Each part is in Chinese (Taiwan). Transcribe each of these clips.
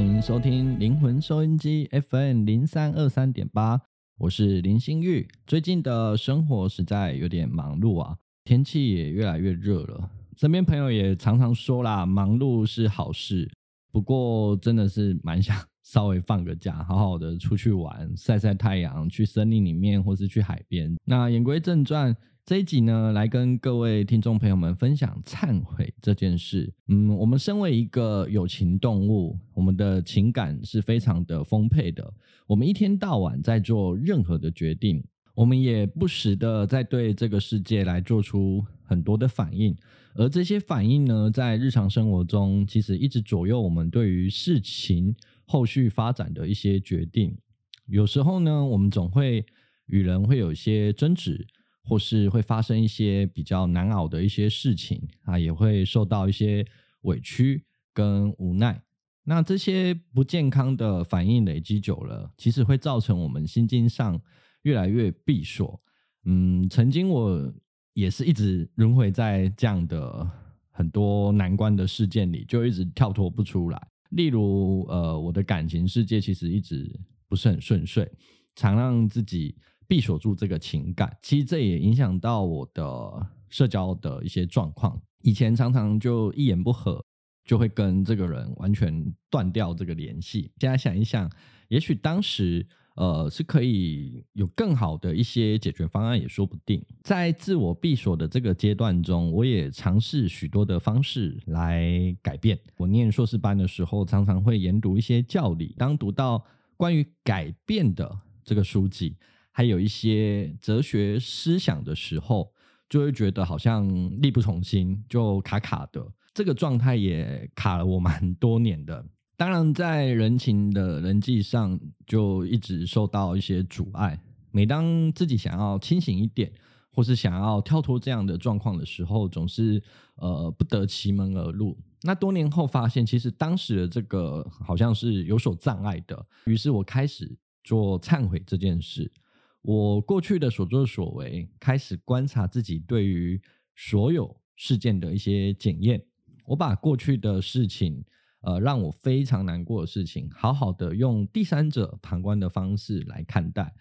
歡迎收聽靈魂收音機 FM 零三二三點八，我是林興裕。最近的生活實在有點忙碌啊，天氣也越來越熱了。身邊朋友也常常說啦，忙碌是好事，不過真的是蠻想稍微放個假，好好的出去玩，曬晒太陽，去森林裡面或是去海邊。那言歸正傳。這一集呢，來跟各位聽眾朋友們分享懺悔這件事。嗯，我們身為一個有情動物，我們的情感是非常的豐沛的。我們一天到晚在做任何的決定，我們也不時的在對這個世界來做出很多的反應。而這些反應呢，在日常生活中，其實一直左右我們對於事情後續發展的一些決定。有時候呢，我們總會與人會有一些爭執。或是會發生一些比較難熬的一些事情啊，也會受到一些委屈跟無奈。那這些不健康的反應累積久了，其實會造成我們心境上越來越閉鎖。嗯，曾經我也是一直輪迴在這樣的很多難關的事件裡，就一直跳脫不出來。例如，呃，我的感情世界其實一直不是很順遂，常讓自己。閉鎖住這個情感，其實這也影響到我的社交的一些狀況。以前常常就一言不合，就會跟這個人完全斷掉這個聯繫。現在想一想，也許當時呃是可以有更好的一些解決方案，也說不定。在自我閉鎖的這個階段中，我也嘗試許多的方式來改變。我念碩士班的時候，常常會研讀一些教理，當讀到關於改變的這個書籍。還有一些哲學思想的時候，就會覺得好像力不從心，就卡卡的。這個狀態也卡了我蠻多年的。當然，在人情的人際上，就一直受到一些阻礙。每當自己想要清醒一點，或是想要跳脫這樣的狀況的時候，總是，呃，不得其門而入。那多年後發現，其實當時的這個好像是有所障礙的。於是我開始做懺悔這件事。我過去的所作所為，開始觀察自己對於所有事件的一些檢驗。我把過去的事情，呃，讓我非常難過的事情，好好的用第三者旁觀的方式來看待。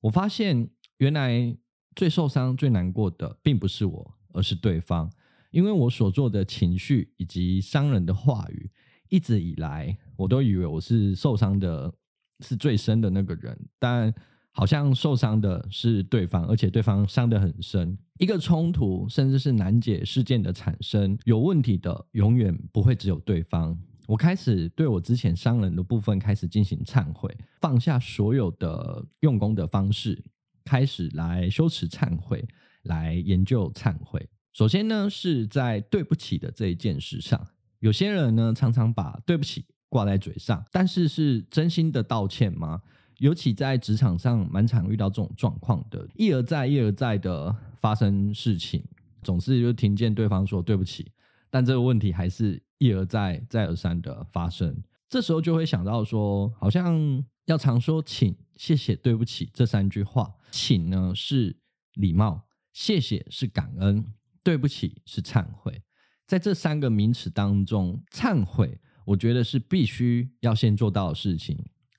我發現，原來最受傷、最難過的，並不是我，而是對方。因為我所做的情緒以及傷人的話語，一直以來，我都以為我是受傷的，是最深的那個人，但好像受傷的是對方，而且對方傷得很深。一個衝突，甚至是難解事件的產生，有問題的永遠不會只有對方。我開始對我之前傷人的部分開始進行懺悔，放下所有的用功的方式，開始來修持懺悔，來研究懺悔。首先呢，是在對不起的這一件事上，有些人呢常常把對不起掛在嘴上，但是是真心的道歉嗎？尤其在職場上，蠻常遇到這種狀況的，一而再，一而再的發生事情，總是就聽見對方說對不起，但這個問題還是一而再，再而三的發生。這時候就會想到說，好像要常說請、謝謝、對不起這三句話。請呢是禮貌，謝謝是感恩，對不起是懺悔。在這三個名詞當中，懺悔我覺得是必須要先做到的事情。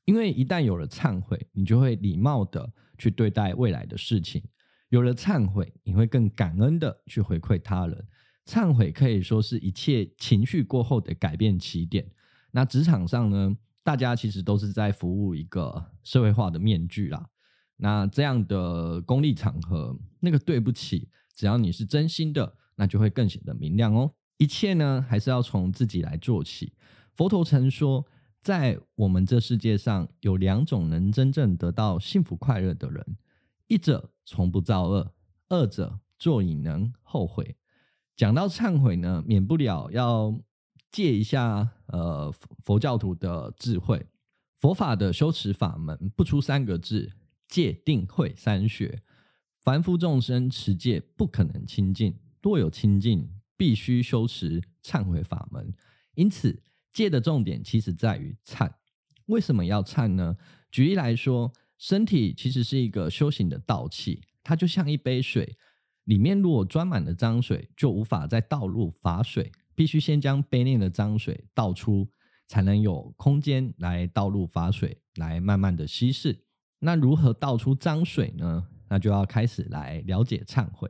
因為一旦有了懺悔，你就會禮貌的去對待未來的事情；有了懺悔，你會更感恩的去回饋他人。懺悔可以說是一切情緒過後的改變起點。那職場上呢，大家其實都是在服務一個社會化的面具啦。那這樣的功利場合，那個對不起，只要你是真心的，那就會更顯得明亮哦。一切呢，還是要從自己來做起。佛陀曾說。在我們這世界上，有兩種能真正得到幸福快樂的人：一者從不造惡，二者作已能後悔。講到懺悔呢，免不了要借一下呃佛教徒的智慧。佛法的修持法門不出三個字：戒、定、慧三學。凡夫眾生持戒不可能清淨，若有清淨，必須修持懺悔法門。因此。戒的重點其實在於懺，為什麼要懺呢？舉例來說，身體其實是一個修行的道器，它就像一杯水，裡面如果裝滿了髒水，就無法再倒入法水，必須先將杯內的髒水倒出，才能有空間來倒入法水，來慢慢的稀釋。那如何倒出髒水呢？那就要開始來了解懺悔。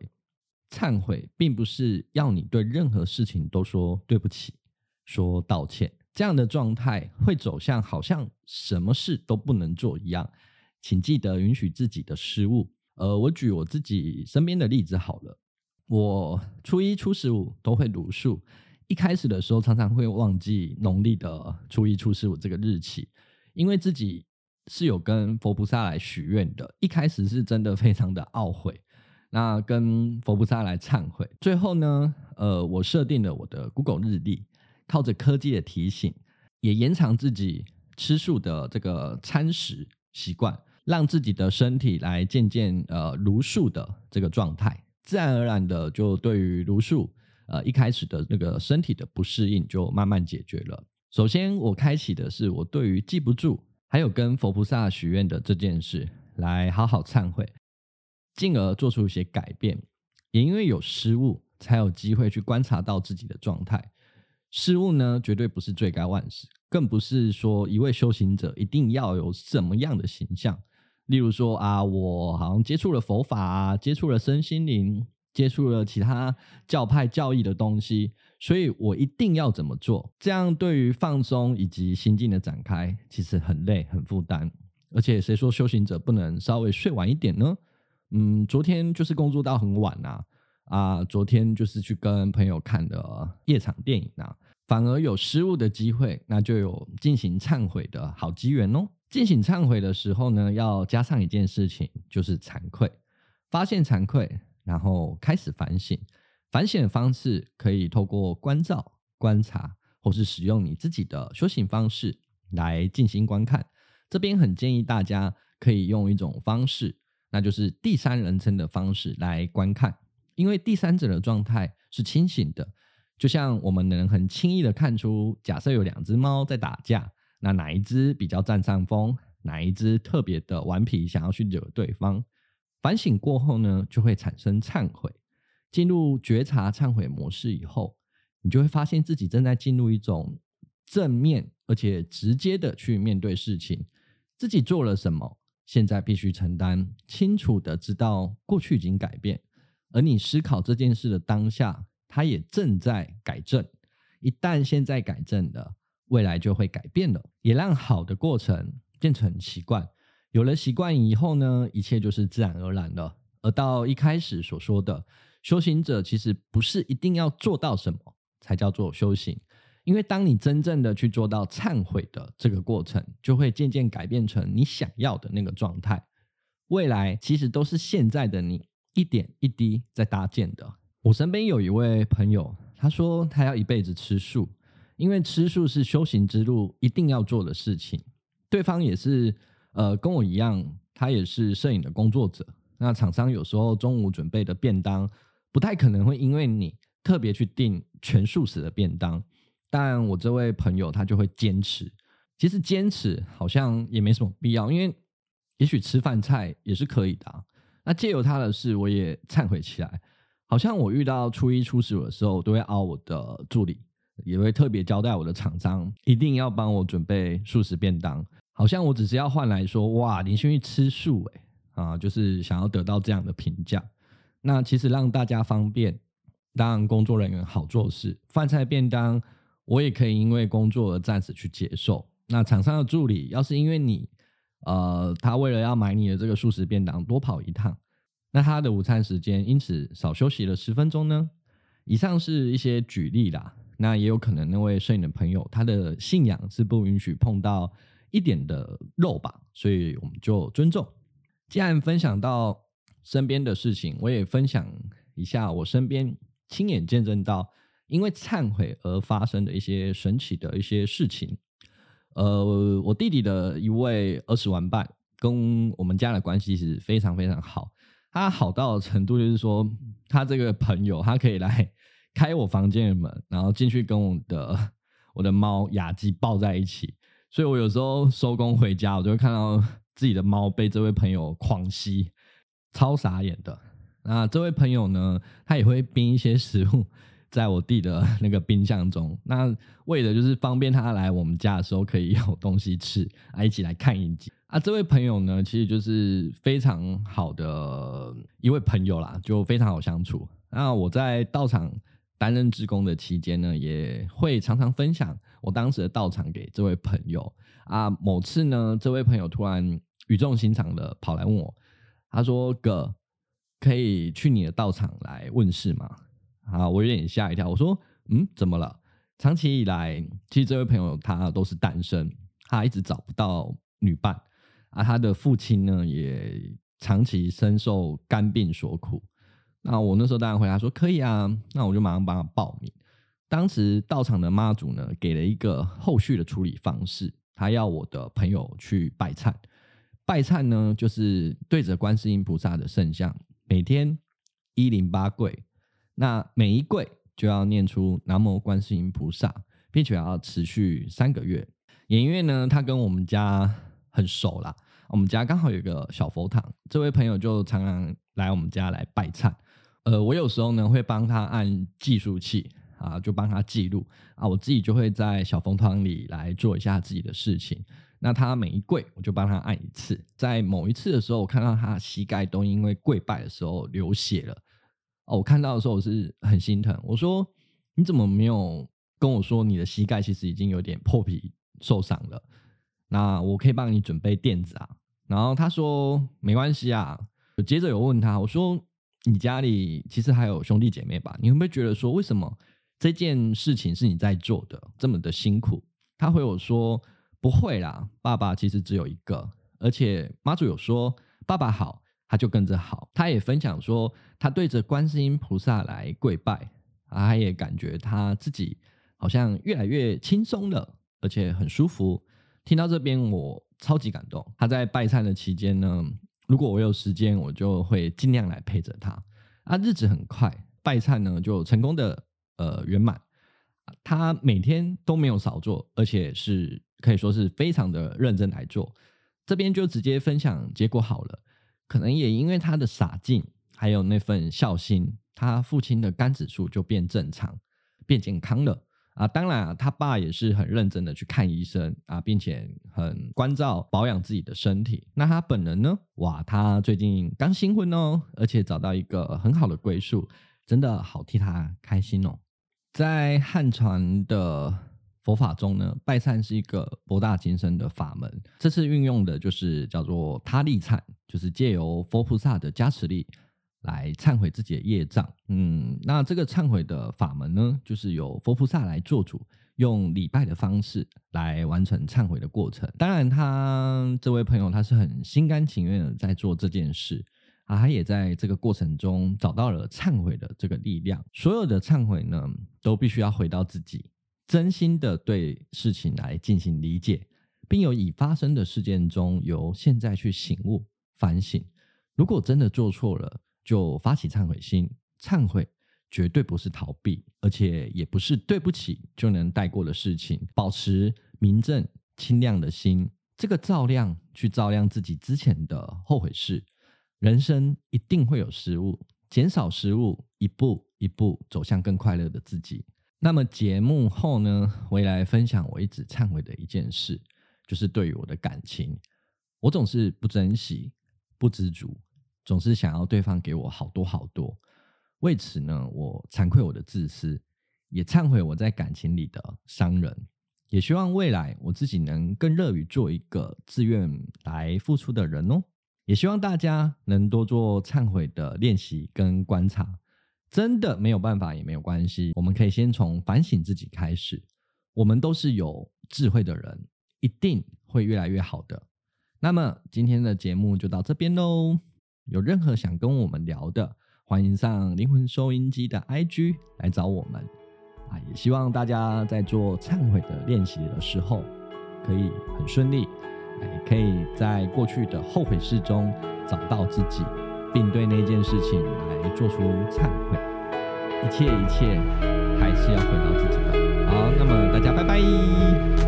懺悔並不是要你對任何事情都說對不起，說道歉。這樣的狀態會走向好像什麼事都不能做一樣，請記得允許自己的失誤。呃，我舉我自己身邊的例子好了，我初一初十五都會讀書，一開始的時候常常會忘記農曆的初一初十五這個日期，因為自己是有跟佛菩薩來許願的，一開始是真的非常的懊悔，那跟佛菩薩來懺悔，最後呢，呃，我設定了我的 Google 日曆。靠着科技的提醒，也延長自己吃素的這個餐食習慣，讓自己的身體來漸漸呃茹素的這個狀態，自然而然的就對於茹素呃一開始的那個身體的不適應就慢慢解決了。首先，我開啟的是我對於記不住，還有跟佛菩薩許願的這件事，來好好懺悔，進而做出一些改變。也因為有失誤，才有機會去觀察到自己的狀態。失誤呢，絕對不是罪該萬死，更不是說一位修行者一定要有什麼樣的形象。例如說啊，我好像接觸了佛法啊，接觸了身心靈，接觸了其他教派教義的東西，所以我一定要怎麼做？這樣對於放鬆以及心境的展開，其實很累、很負擔。而且誰說修行者不能稍微睡晚一點呢？嗯，昨天就是工作到很晚啊。啊，昨天就是去跟朋友看的夜場電影呢，啊，反而有失誤的機會，那就有進行懺悔的好機緣哦。進行懺悔的時候呢，要加上一件事情，就是慚愧，發現慚愧，然後開始反省。反省的方式可以透過觀照、觀察，或是使用你自己的修行方式來進行觀看。這邊很建議大家可以用一種方式，那就是第三人稱的方式來觀看。因為第三者的狀態是清醒的，就像我們能很輕易的看出，假設有兩隻貓在打架，那哪一隻比較占上風，哪一隻特別的頑皮，想要去惹對方。反省過後呢，就會產生懺悔，進入覺察懺悔模式以後，你就會發現自己正在進入一種正面而且直接的去面對事情，自己做了什麼，現在必須承擔，清楚的知道過去已經改變。而你思考這件事的當下，它也正在改正。一旦現在改正了，未來就會改變了，也讓好的過程變成習慣。有了習慣以後呢，一切就是自然而然了。而到一開始所說的修行者，其實不是一定要做到什麼才叫做修行，因為當你真正的去做到懺悔的這個過程，就會漸漸改變成你想要的那個狀態。未來其實都是現在的你，一點一滴在搭建的。我身邊有一位朋友，他說他要一輩子吃素，因為吃素是修行之路一定要做的事情。對方也是呃跟我一樣，他也是攝影的工作者。那廠商有時候中午準備的便當，不太可能會因為你特別去訂全素食的便當，但我這位朋友他就會堅持。其實堅持好像也沒什麼必要，因為也許吃飯菜也是可以的啊。那借由他的事，我也懺悔起來。好像我遇到初一初十五的時候，我都會拗我的助理，也會特別交代我的廠商，一定要幫我準備素食便當。好像我只是要換來說，哇，你先去吃素、欸，誒。啊，就是想要得到這樣的評價。那其實讓大家方便，讓工作人員好做事，飯菜便當我也可以因為工作而暫時去接受。那廠商的助理，要是因為你。呃，他為了要買你的這個素食便當，多跑一趟，那他的午餐時間因此少休息了十分鐘呢。以上是一些舉例啦，那也有可能那位攝影的朋友，他的信仰是不允許碰到一點的肉吧，所以我們就尊重。既然分享到身邊的事情，我也分享一下我身邊親眼見證到因為懺悔而發生的一些神奇的一些事情。呃，我弟弟的一位兒時玩伴，跟我們家的關係是非常非常好。他好到的程度就是說，他這個朋友，他可以來開我房間的門，然後進去跟我的我的貓雅基抱在一起。所以我有時候收工回家，我就會看到自己的貓被這位朋友狂吸，超傻眼的。那這位朋友呢，他也會冰一些食物。在我弟的那個冰箱中，那為的就是方便他來我們家的時候可以有東西吃啊！一起來看一集啊！這位朋友呢，其實就是非常好的一位朋友啦，就非常好相處。那我在道場擔任志工的期間呢，也會常常分享我當時的道場給這位朋友啊。某次呢，這位朋友突然語重心長的跑來問我，他說：“哥，可以去你的道場來問事嗎？”啊！我有點嚇一跳。我說：“嗯，怎麼了？”長期以來，其實這位朋友他都是單身，他一直找不到女伴。而、啊、他的父親呢，也長期深受肝病所苦。那我那時候當然回答說：“可以啊。”那我就馬上幫他報名。當時到場的媽祖呢，給了一個後續的處理方式。他要我的朋友去拜懺，拜懺呢，就是對着觀世音菩薩的聖像，每天一零八跪。那每一跪就要念出南無觀世音菩薩，並且要持續三個月。因為呢，他跟我們家很熟啦，我們家剛好有個小佛堂，這位朋友就常常來我們家來拜懺。呃，我有時候呢會幫他按計數器啊，就幫他記錄啊，我自己就會在小佛堂裡來做一下自己的事情。那他每一跪，我就幫他按一次。在某一次的時候，我看到他膝蓋都因為跪拜的時候流血了。哦，我看到的時候我是很心疼。我說：“你怎麼沒有跟我說你的膝蓋其實已經有點破皮受傷了？那我可以幫你準備墊子啊。”然後他說：“沒關係啊。”我接着有問他，我說：“你家裡其實還有兄弟姐妹吧？你會不會覺得說為什麼這件事情是你在做的這麼的辛苦？”他回我說：“不會啦，爸爸其實只有一個，而且媽祖有說爸爸好。”他就跟着好，他也分享說，他對着觀世音菩薩來跪拜，他、啊、也感覺他自己好像越來越輕鬆了，而且很舒服。聽到這邊，我超級感動。他、啊、在拜懺的期間呢，如果我有時間，我就會盡量來陪着他。啊，日子很快，拜懺呢就成功的呃圓滿、啊。他每天都沒有少做，而且是可以說是非常的認真來做。這邊就直接分享結果好了。可能也因為他的傻勁，還有那份孝心，他父親的肝指數就變正常，變健康了啊！當然，他爸也是很認真的去看醫生啊，並且很關照保養自己的身體。那他本人呢？哇，他最近剛新婚哦，而且找到一個很好的歸宿，真的好替他開心哦！在漢傳的佛法中呢，拜懺是一個博大精深的法門。這次運用的就是叫做他力懺，就是借由佛菩薩的加持力來懺悔自己的業障。嗯，那這個懺悔的法門呢，就是由佛菩薩來做主，用禮拜的方式來完成懺悔的過程。當然他，他這位朋友他是很心甘情願的在做這件事啊，他也在這個過程中找到了懺悔的這個力量。所有的懺悔呢，都必須要回到自己。真心的對事情來進行理解，並由已發生的事件中，由現在去醒悟反省。如果真的做錯了，就發起懺悔心。懺悔絕對不是逃避，而且也不是對不起就能帶過的事情。保持明正清亮的心，這個照亮去照亮自己之前的後悔事。人生一定會有失誤，減少失誤，一步一步走向更快樂的自己。那麼節目後呢，我也來分享我一直懺悔的一件事，就是對於我的感情，我總是不珍惜、不知足，總是想要對方給我好多好多。為此呢，我慚愧我的自私，也懺悔我在感情裡的傷人，也希望未來我自己能更樂於做一個自願來付出的人哦。也希望大家能多做懺悔的練習跟觀察。真的沒有辦法也沒有關係，我們可以先從反省自己開始。我們都是有智慧的人，一定會越來越好的。那麼今天的節目就到這邊嘍。有任何想跟我們聊的，歡迎上靈魂收音機的 IG 來找我們啊！也希望大家在做懺悔的練習的時候可以很順利，可以在過去的後悔事中找到自己。並對那件事情來做出懺悔，一切一切還是要回到自己的。好，那麼大家拜拜。